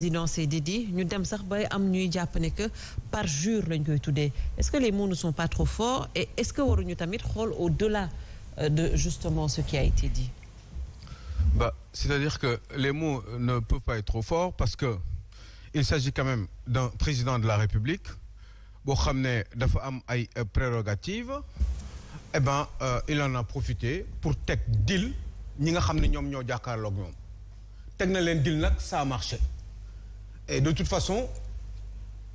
résidence dédiée ñu dem sax bay am ñuy jàpp ne que parjure lañ koy tuddee est-ce que les mots ne sont pas trop forts et est-ce que waruñu tamit xool au-delà euh, de justement ce qui a été dit bah c'est-à-dire que les mots ne peuvent pas être trop forts parce que il s'agit quand même d'un président de la République boo xam ne dafa am ay euh, prérogatives eh ben euh, il en a profité pour teg deal ñi nga xam ne ñoom ñoo jàkkaarloog ñoom teg na leen deal nag ça a marché et de toute façon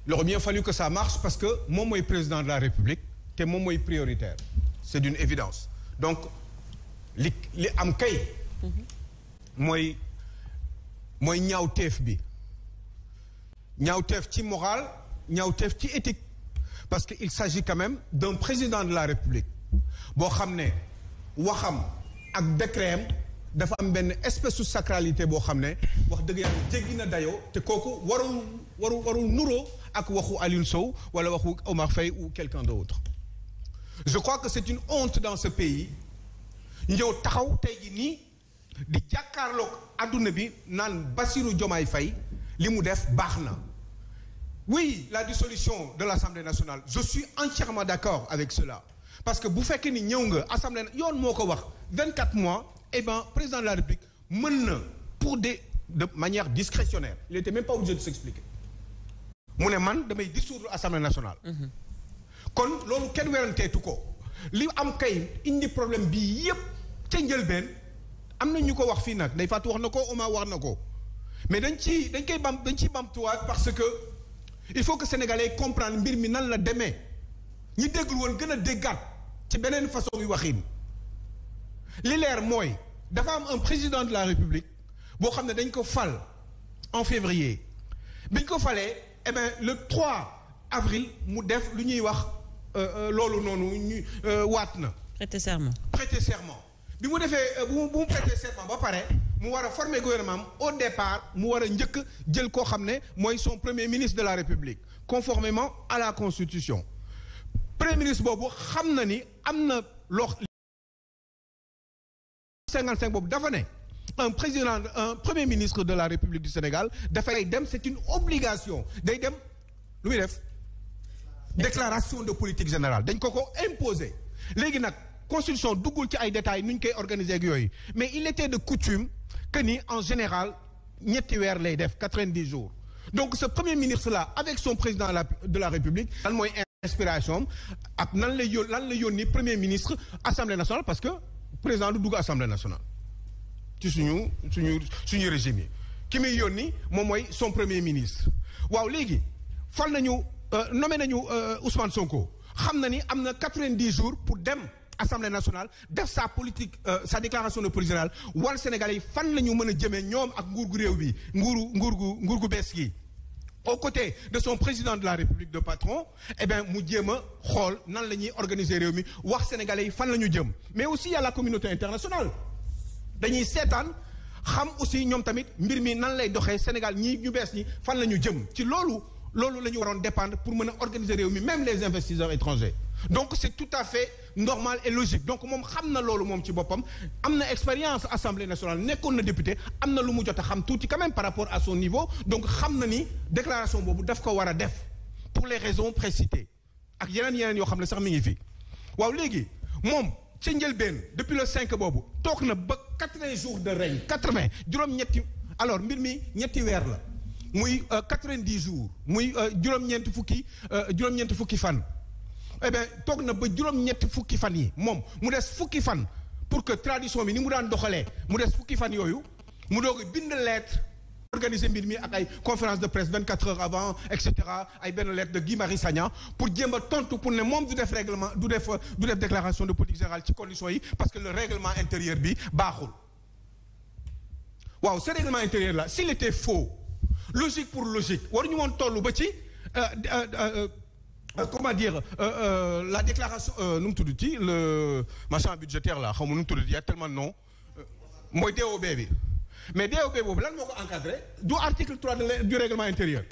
il aurait bien fallu que ça marche parce que moom mooy président de la république te moom mooy prioritaire c'est une évidence donc li li am kay mooy mooy ñaaw teef bi ñaaw teef ci moral ñaaw teef ci éthique parce que il s'agit quand même d'un président de la république boo xam ne waxam ak décret dafa am benn espèce su sacralité boo xam ne wax dëgg yàlla jéggi na dayoo te kooku warul waru warul nuroo ak waxu Alioune Sow wala waxu Omar Faye ou quelqu'un d'autre je crois que c'est une honte dans ce pays ñëw taxaw tey jii nii di jàkkaarloog àdduna bi naan Bassirou Diomaye Faye li mu def baax na oui la dissolution de l'Assemblée nationale je suis entièrement d'accord avec cela parce que bu fekkee ni ñëw nga assemblée yoon moo ko wax vingt quatre mois eh bien président de la République mën na pour de de manière discrétionnaire il était même pas obligé de s'expliquer mu ne man damay dissoudre assemblée nationale mhm. kon loolu kenn weranteetu ko li am kay indi problème bi yëpp ca njëlbeen am na ñu ko wax fii nag day fàttu wax na ko oma wax na ko mais dañ ci dañ koy bam dañ ciy bamtuwaat parce que il faut que sénégalais comprendre mbir mi nan la demee ñi déggul woon gën a déggaat ci beneen façon yu waxin li leer mooy dafa am un président de la république boo xam ne dañ ko fal en février biñ ko falee eh le 3 avril mu def lu ñuy wax euh, euh, loolu noonu ñu euh, waat na. prêter serment prêter serment bi mu defee bu mu bu serment ba pare mu war a former gouvernement au départ mu war njëkk jël koo xam ne mooy son premier ministre de la république conformément à la constitution premier ministre boobu xam na ni am na loo. cinquante cinq boobu dafa ne un la République du Sénégal dafay dem c'est une obligation day dem lu muy def déclaration de politique générale dañ ko ko imposer léegi nag constitution duggul ci ay détails nu ñu koy organiser ak yooyu mais de coutume que ni en général ñetti weer lay def quatre-vingt-dix donc ce premier ministre là avec son président de la République lan mooy inspiration ak nan lay yón lan la yónni premier ministre Assemblée nationale parce que président du dugg assemblée nationale ci suñu suñu suñu régime yi ki muy yónni moom mooy son premier ministre waaw léegi fal nañu euh, nommé nañu euh, Ousmane Sonko xam na ni am na quatre-vingt-dix jours pour dem assemblée nationale def sa politique euh, sa déclaration de politique générale wala Sénégalais yi fan la ñu mën a jëmee ñoom ak nguur gu réew bi nguuru nguur gu nguur gu bees gi aux côtés de son président de la République de patron eh bien mu jéem a xool nan la ñuy organiser réew mi wax sénégalais yi fan la ñu jëm mais aussi y a la communauté internationale dañuy seetaan xam aussi ñoom tamit mbir mi nan lay doxee Sénégal ñii ñu bees ñi fan la ñu jëm ci loolu loolu la ñu waroon dépendre pour mën a organiser réew mi même les investisseurs étrangers donc c'est tout à fait normal et logique donc moom xam na loolu moom ci boppam am na expérience assemblée nationale nekkoon na député am na lu mu jot xam tuuti quand même par rapport à son niveau donc xam na ni déclaration boobu daf ko war a def pour les raisons précitées ak yeneen yeneen yoo xam ne sax mi ngi fi waaw léegi moom ca njëlbeen depuis le 5 boobu toog na ba 80 jours de règne 80 juróom-ñetti alors mbir mi ñetti weer la muy 90 euh, jours muy euh, juróom fukki euh, juróom-ñeenti fukki fan. eh bien toog na ba juróom-ñetti fukki fan yi moom mu des fukki fan pour que tradition bi ni mu daan doxalee mu des fukki fan yooyu mu doog bind lettre organiser mbir mi ak ay conférence de presse 24 heures avant et cetera ay benn lettre de Guy Marie Sagna pour jéem a tontu pour ne moom du def règlement du def du def déclaration de politique générale ci conditions yi parce que le règlement intérieur bi baaxul waaw ce règlement intérieur là s'il était faux logique pour logique waruñu woon ba ci. Euh, euh, euh, Euh, comment dire euh, euh, la déclaration nu mu tudd ci le machin budgétaire là xaw ma nu mu tudd y a tellement de noms mooy DOB bi mais DOB boobu lan moo ko encadré du article 3 du règlement intérieur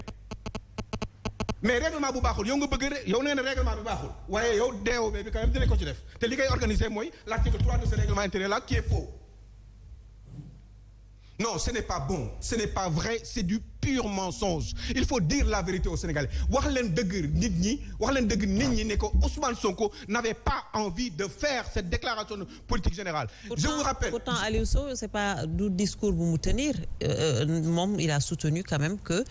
mais règlement bu baaxul yow nga bëgg yow nee na règlement baaxul waaye yow DOB bi quand même ko ci def te li koy organisé mooy l' article 3 de ce règlement intérieur là qui est faux non ce n'est pas bon ce n'est pas vrai c'est du pur mensonge il faut dire la vérité aux Sénégalais wax leen dëgg nit ñi wax leen dëgg nit ñi ne ko Ousmane Sonko n'avait pas envie de faire cette déclaration de politique générale. Pourtant, je vous rappelle pourtant Aliou Sow c'est pas du discours bu mu tenir euh, euh, moom il a soutenu quand même que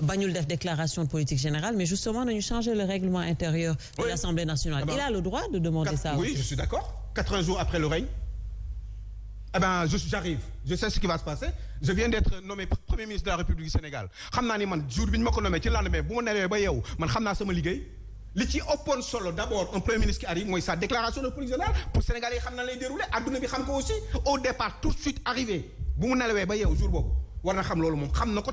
bañul def déclaration de politique générale mais justement nañu changer le règlement intérieur. de oui. l'Assemblée nationale. Ah il a le droit eh j'arrive je sais ce qui va se passer je viens d'être nommé premier ministre de la République du xam naa ni man jour bi ñu nommé ci lendemain bu ma newee ba yow man xam naa sama liggéey li ci ëppoon solo d'abord un premier ministre qui arrive mooy sa déclaration de politique générale pour Sénégalais yi xam naa lay dérouler adduna bi xam ko aussi au départ tout de suite arrivé bu mu ba yow jour boobu war na xam loolu moom xam na ko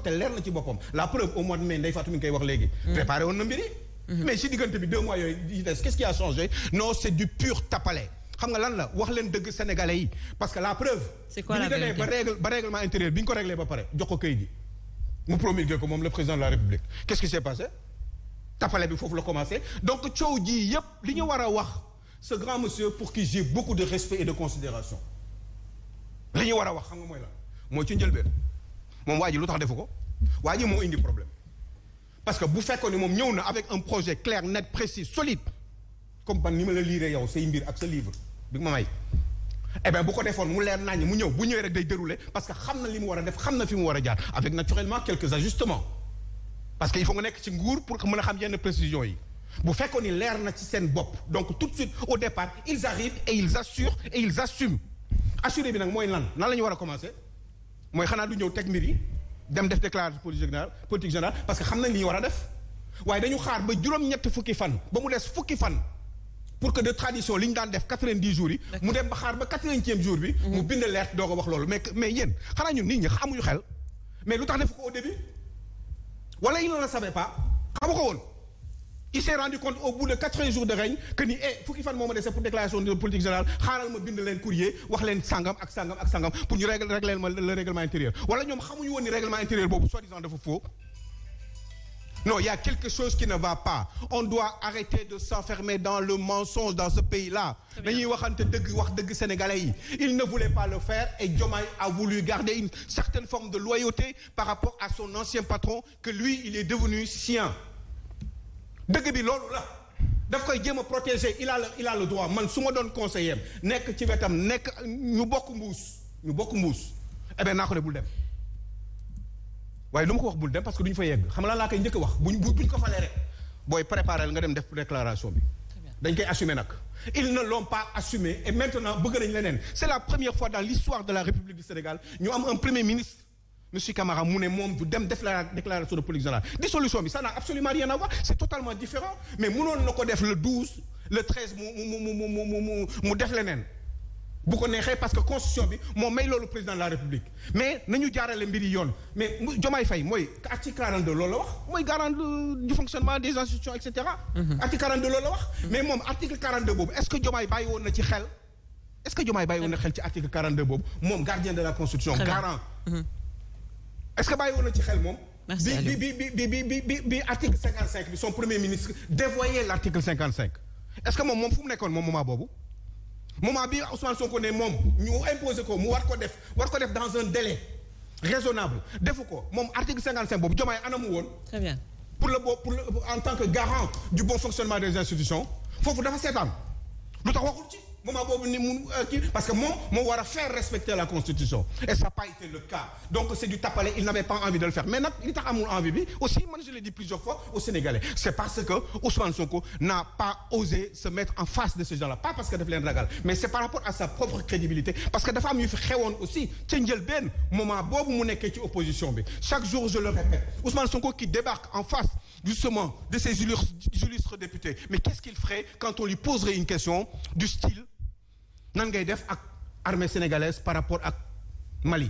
na ci xam nga lan la wax leen dëgg sénégalais yi parce que la preuve. c'est quoi la vérité ba règle ba règlement intérieur bi ñu ko réglé ba pare jox ko gi mu promulgué ko moom le président de la république qu'est-ce qui s'est passé tapale bi foofu la commencé donc coow ji yépp li ñu war a wax ce grand monsieur pour qui j'ai beaucoup de respect et de considération li ñu war a wax xam nga mooy la mooy ci njëlbeen moom waa ji lu tax defu ko waa ji moo indi problème parce que bu fekkoon ne moom ñëw na avec un projet clair net précis solide comme ban ma la liiree yow say mbir ak sa livre bi ma may eh bu ko defoon mu leer naññ mu ñëw bu ñëwee rek day dérouler parce que xam na li mu war a def xam na fi mu war a jaar avec naturellement quelques ajustements parce que il faut nga nekk ci nguur pour mën a xam yenn précision yi bu fekkoon ni leer na ci seen bopp donc tout de suite au départ ils arrivent et ils assurent et ils assument assurer bi nag mooy lan nan la ñu war a commencer mooy xanaa du ñëw teg mbir yi dem def déclaration politique générale politique générale parce que xam nañ li war a def waaye dañu xaar ba juróom-ñett fukki fan ba mu des fukki fan pour que de tradition li ñu daan def quatre-vingt-dix jours yi mu dem ba xaar ba quatre-vingtième jour bi mu mhm. bind leert doog a wax loolu mais mais yéen xanaa ñun nit ñi xamuñu xel mais lu tax def ko au début wala il ne le savait pas xamu ko woon il s'est rendu compte au bout de quatre-vingts jours de règne que ni eh fukki fan moo ma dese pour déclaration de politique générale xaaral ma bind leen courrier wax leen sangam ak sangam ak sangam pour wala ñoom xamuñu woon Non, il y a quelque chose qui ne va pas. On doit arrêter de s'enfermer dans le mensonge dans ce pays-là. Il ne voulait pas le faire et Diomaye a voulu garder une certaine forme de loyauté par rapport à son ancien patron que lui, il est devenu sien. daf koy jéem a protéger il a le man su ma doon conseiller nekk ci wetam nekk ñu bokk mbuus ñu bokk mbuus eh bien naa waaye lu ma ko wax bul dem parce que du ñu fa yegg xam lan laa koy njëkk wax buñ buñ ko falee rek booy préparer nga dem def déclaration bi. dañ koy assumer nag ils ne l'ont pas assumé et maintenant bëgg nañ leneen c'est la première fois dans l'histoire de la République du Sénégal ñu am un premier ministre monsieur Camara mu ne moom du dem def la déclaration de politique générale dissolution bi sa n'a absolument rien à voir c'est totalement différent mais mënoon na ko def le 12 le 13 mu mu mu mu mu mu def leneen. bu ko neexee parce que constitution bi moo may loolu président de la république mais nañu jaarale mbir yi yoon mais Diomaye Faye mooy article 42 loolu la wax mooy garant du fonctionnement des institutions et cetera. Mhm. loolu la wax. mais moom article 42 boobu est-ce que Diomaye bàyyi woon na ci xel. est-ce que Diomaye bàyyi woon na xel ci article 42 boobu moom gardien de la constitution. garant mhm. est-ce que bàyyi woon na ci xel moom. bi bi bi bi bi moment bi Ousmane Sonko ne moom ñu imposé ko mu war ko def war ko def dans un délai raisonnable defu ko moom article cinquante cinq boobu Diomaye anamu woon. très bien pour le bo pour le en tant que garant du bon fonctionnement des institutions foofu dafa seetaan lu tax waxul ci. moment boobu ni mun euh, kii parce que moom moo war a faire respecter la constitution et ça n'a pas été le cas donc c'est du tapalé il n'avait pas envie de le faire mais nag bi aussi man je l'ai dit plusieurs fois aux Sénégalais c'est parce que Ousmane Sonko n'a pas osé se mettre en face de ces gens-là pas parce que daf leen ragal mais aussi ca njëlbeen moment boobu mu nekkee ci opposition chaque jour je le répète Ousmane Sonko qui débarque en face justement nan ngay def ak armée sénégalaise par rapport ak Mali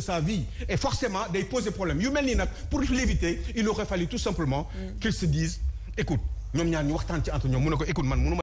de sa vie et forcément day poser problème yu pour l'éviter il aurait fallu tout simplement mm. qu'il se dise écoute ñoom ñaar ñu waxtaan ci entre ñoom mu ne ko écoute man mënuma